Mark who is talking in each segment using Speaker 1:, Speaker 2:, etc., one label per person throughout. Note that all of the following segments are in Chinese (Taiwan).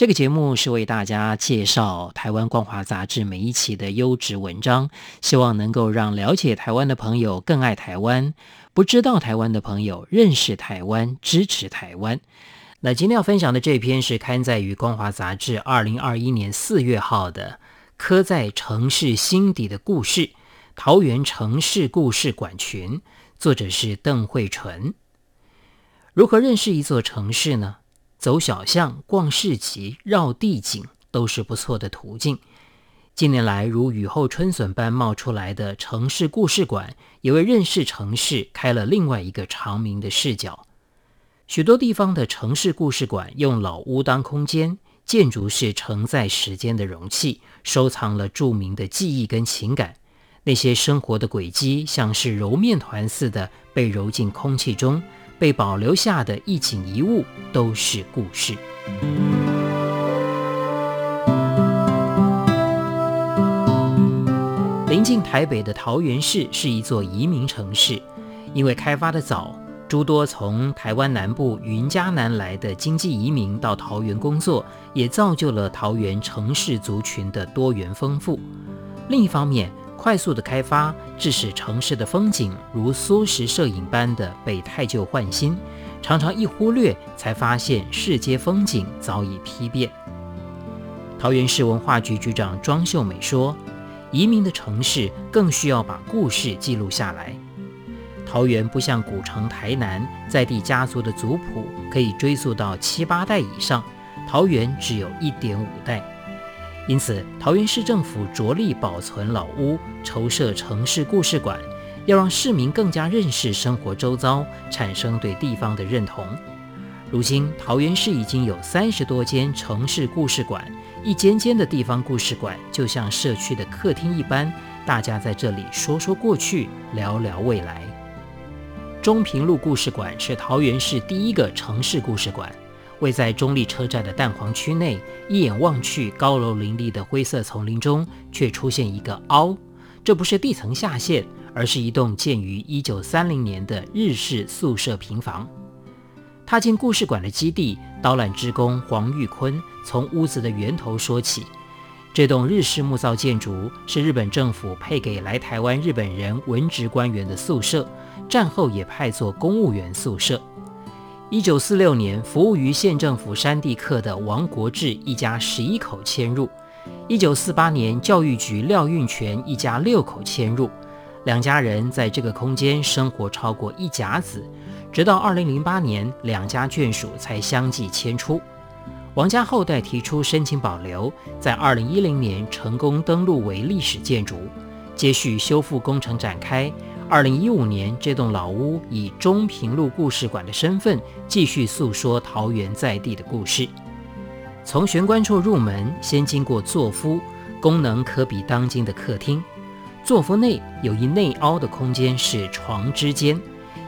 Speaker 1: 這個節目是為大家介紹台灣光華雜誌每一期的優質文章，希望能夠讓了解台灣的朋友更愛台灣，不知道台灣的朋友認識台灣，支持台灣。那今天要分享的這篇是刊載於《光華雜誌》二零二一年四月號的《刻在城市心底的故事》，桃園城市故事館群，作者是鄧慧純。如何認識一座城市呢？走小巷、逛市集、繞地景，都是不錯的途徑。近年來，如雨後春筍般冒出來的城市故事館，也為認識城市開了另外一個常民的視角。許多地方的城市故事館用老屋當空間，建築是承載時間的容器，收藏了著名的記憶跟情感。那些生活的軌跡，像是揉麵團似的，被揉進空氣中。被保留下的一景一物都是故事。臨近台北的桃園市是一座移民城市，因為開發的早，諸多從台灣南部雲嘉南來的經濟移民到桃園工作，也造就了桃園城市族群的多元豐富。另一方面，快速的開發，致使城市的風景如縮時攝影般的被汰舊換新，常常一忽略，才發現市街風景早已丕變。桃園市文化局局長莊秀美說：“移民的城市更需要把故事記錄下來。桃園不像古城台南，在地家族的族譜可以追溯到七八代以上，桃園只有一點五代。”因此，桃園市政府着力保存老屋，籌設城市故事館，要讓市民更加認識生活周遭，產生對地方的認同。如今，桃園市已經有三十多間城市故事館，一間間的地方故事館就像社區的客廳一般，大家在這裡說說過去，聊聊未來。中平路故事館是桃園市第一個城市故事館。位在中立車站的蛋黃區內，一眼望去，高樓林立的灰色叢林中卻出現一個凹。這不是地層下陷，而是一棟建於1930年的日式宿舍平房。踏進故事館的基地，導覽志工黃玉坤從屋子的源頭說起：這棟日式木造建築是日本政府配給來台灣日本人文職官員的宿舍，戰後也派作公務員宿舍。一九四六年，服務於縣政府山地課的王國志一家十一口遷入；一九四八年，教育局廖運全一家六口遷入。兩家人在這個空間生活超過一甲子，直到二零零八年，兩家眷屬才相繼遷出。王家後代提出申請保留，在二零一零年成功登錄為歷史建築，接續修復工程展開。二零一五年，這棟老屋以中平路故事館的身份繼續訴說桃園在地的故事。從玄關處入門，先經過座敷，功能可比當今的客廳。座敷內有一內凹的空間是床之間，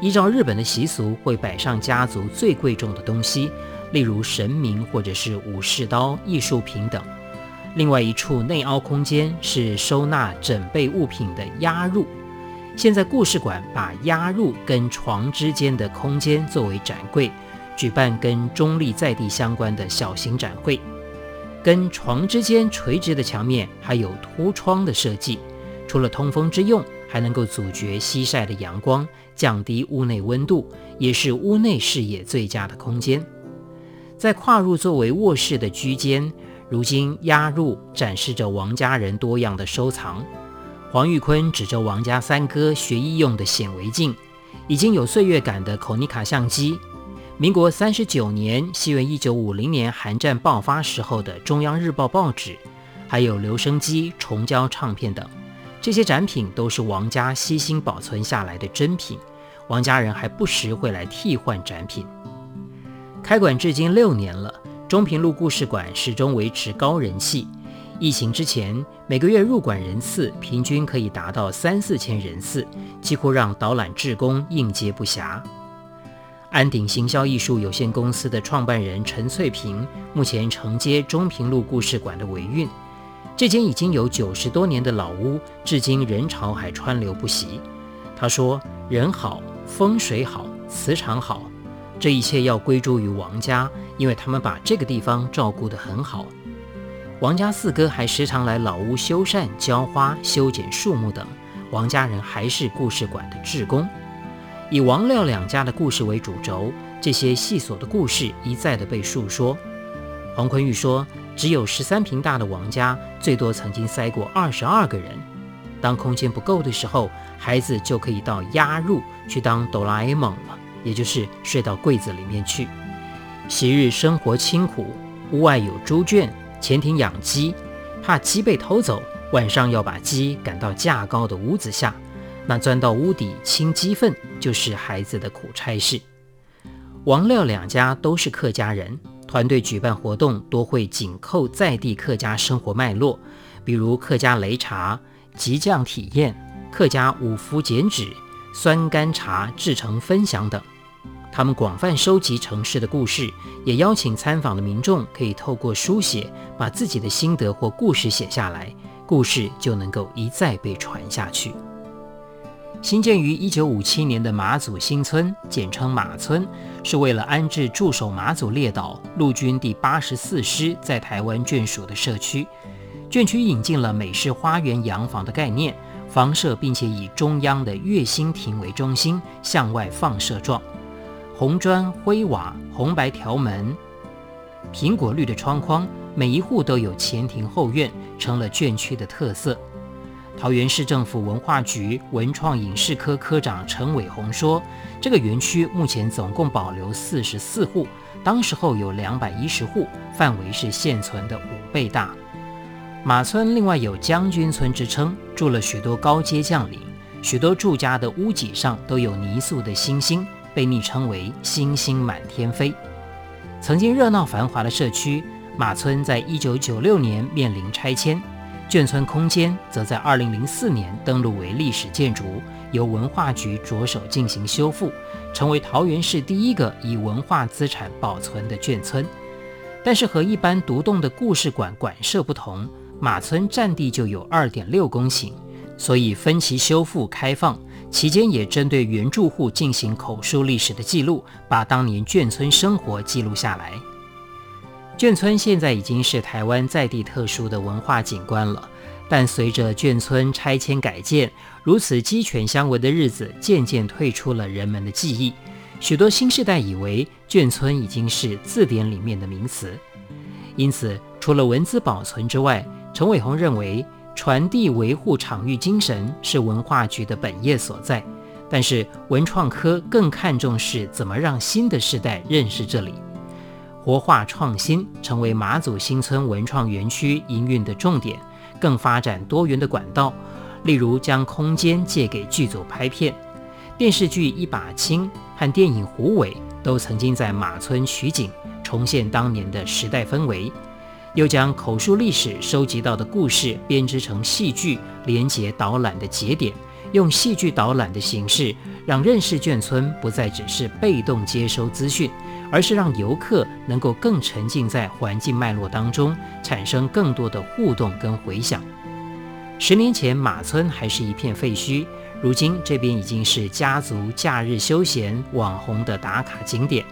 Speaker 1: 依照日本的習俗，會擺上家族最貴重的東西，例如神明或者是武士刀、藝術品等。另外一處內凹空間是收納整備物品的壓入。現在故事館把押入跟床之間的空間作為展櫃，舉辦跟中壢在地相關的小型展會。跟床之間垂直的牆面還有凸窗的設計，除了通風之用，還能夠阻絕西曬的陽光，降低屋內溫度，也是屋內視野最佳的空間。在跨入作為臥室的居間，如今押入展示着王家人多樣的收藏。黃玉坤指着王家三哥學醫用的顯微鏡，已經有歲月感的柯尼卡相機，民國三十九年（西元一九五零年）韓戰爆發時候的《中央日報》報紙，還有留聲機、蟲膠唱片等，這些展品都是王家悉心保存下來的珍品。王家人還不時會來替換展品。開館至今六年了，中平路故事館始終維持高人氣。疫情之前，每個月入館人次平均可以達到三四千人次，幾乎讓導覽志工應接不暇。安鼎行銷藝術有限公司的創辦人陳翠萍，目前承接中平路故事館的維運。這間已經有九十多年的老屋，至今人潮還川流不息。他說：“人好，風水好，磁場好，這一切要歸諸於王家，因為他們把這個地方照顧得很好。”王家四哥還時常來老屋修繕、澆花、修剪樹木等。王家人還是故事館的志工，以王廖兩家的故事為主軸，這些細瑣的故事一再地被述說。黃坤玉說：“只有十三坪大的王家，最多曾經塞過二十二個人。當空間不夠的時候，孩子就可以到押入去當哆啦 A 夢了，也就是睡到櫃子裡面去。昔日生活清苦，屋外有豬圈。”前庭養雞，怕雞被偷走，晚上要把雞趕到架高的屋子下。那鑽到屋底清雞糞，就是孩子的苦差事。王廖兩家都是客家人，團隊舉辦活動多會緊扣在地客家生活脈絡，比如客家擂茶、即醬體驗、客家五福剪紙、酸柑茶製成分享等。他們廣泛收集城市的故事，也邀請參訪的民眾可以透過書寫把自己的心得或故事寫下來，故事就能夠一再被傳下去。興建於1957年的馬祖新村，簡稱馬村，是為了安置駐守馬祖列島陸軍第八十四師在台灣眷屬的社區。眷區引進了美式花園洋房的概念，房舍並且以中央的月星亭為中心向外放射狀。紅磚灰瓦、紅白條門、蘋果綠的窗框，每一戶都有前庭後院，成了眷區的特色。桃園市政府文化局文創影視科科長陳偉鴻說：“這個園區目前總共保留四十四戶，當時候有兩百一十戶，範圍是現存的五倍大。”馬村另外有將軍村之稱，住了許多高階將領，許多住家的屋脊上都有泥塑的星星。被昵稱為“星星滿天飛”，曾經熱鬧繁華的社區馬村，在一九九六年面臨拆遷，眷村空間則在二零零四年登錄為歷史建築，由文化局着手進行修復，成為桃園市第一個以文化資產保存的眷村。但是和一般獨棟的故事館館舍不同，馬村占地就有二點六公頃，所以分期修復開放。其間也針對原住戶進行口述歷史的記錄，把當年眷村生活記錄下來。眷村現在已經是台灣在地特殊的文化景觀了，但隨着眷村拆遷改建，如此雞犬相聞的日子漸漸退出了人們的記憶。許多新世代以為眷村已經是字典裡面的名詞，因此除了文字保存之外，陳偉鴻認為。傳遞維護場域精神是文化局的本業所在，但是文創科更看重是怎麼讓新的世代認識這裡，活化創新成為馬祖新村文創園區營運的重點，更發展多元的管道，例如將空間借給劇組拍片，電視劇《一把青》和電影《虎尾》都曾經在馬村取景，重現當年的時代氛圍。又將口述歷史收集到的故事編織成戲劇，連接導覽的節點，用戲劇導覽的形式，讓認識眷村不再只是被動接收資訊，而是讓遊客能夠更沉浸在環境脈絡當中，產生更多的互動跟回響。十年前，馬村還是一片廢墟，如今這邊已經是家族假日休閒網紅的打卡景點。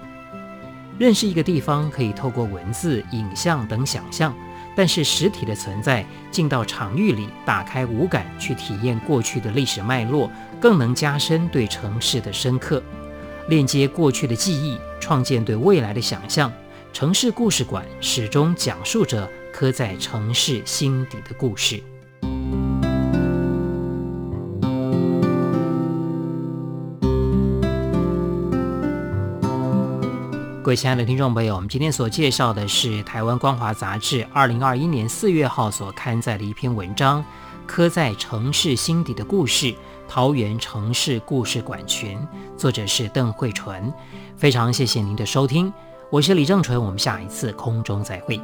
Speaker 1: 認識一個地方，可以透過文字、影像等想象，但是實體的存在進到場域裡，打開五感去體驗過去的歷史脈絡，更能加深對城市的深刻。鏈接過去的記憶，創建對未來的想象，城市故事館始終講述着刻在城市心底的故事。各位親愛的聽眾朋友，我們今天所介紹的是台灣光華雜誌二零二一年四月號所刊載的一篇文章《刻在城市心底的故事——桃園城市故事館群》，作者是鄧慧純。非常謝謝您的收聽，我是李正純。我們下一次空中再會。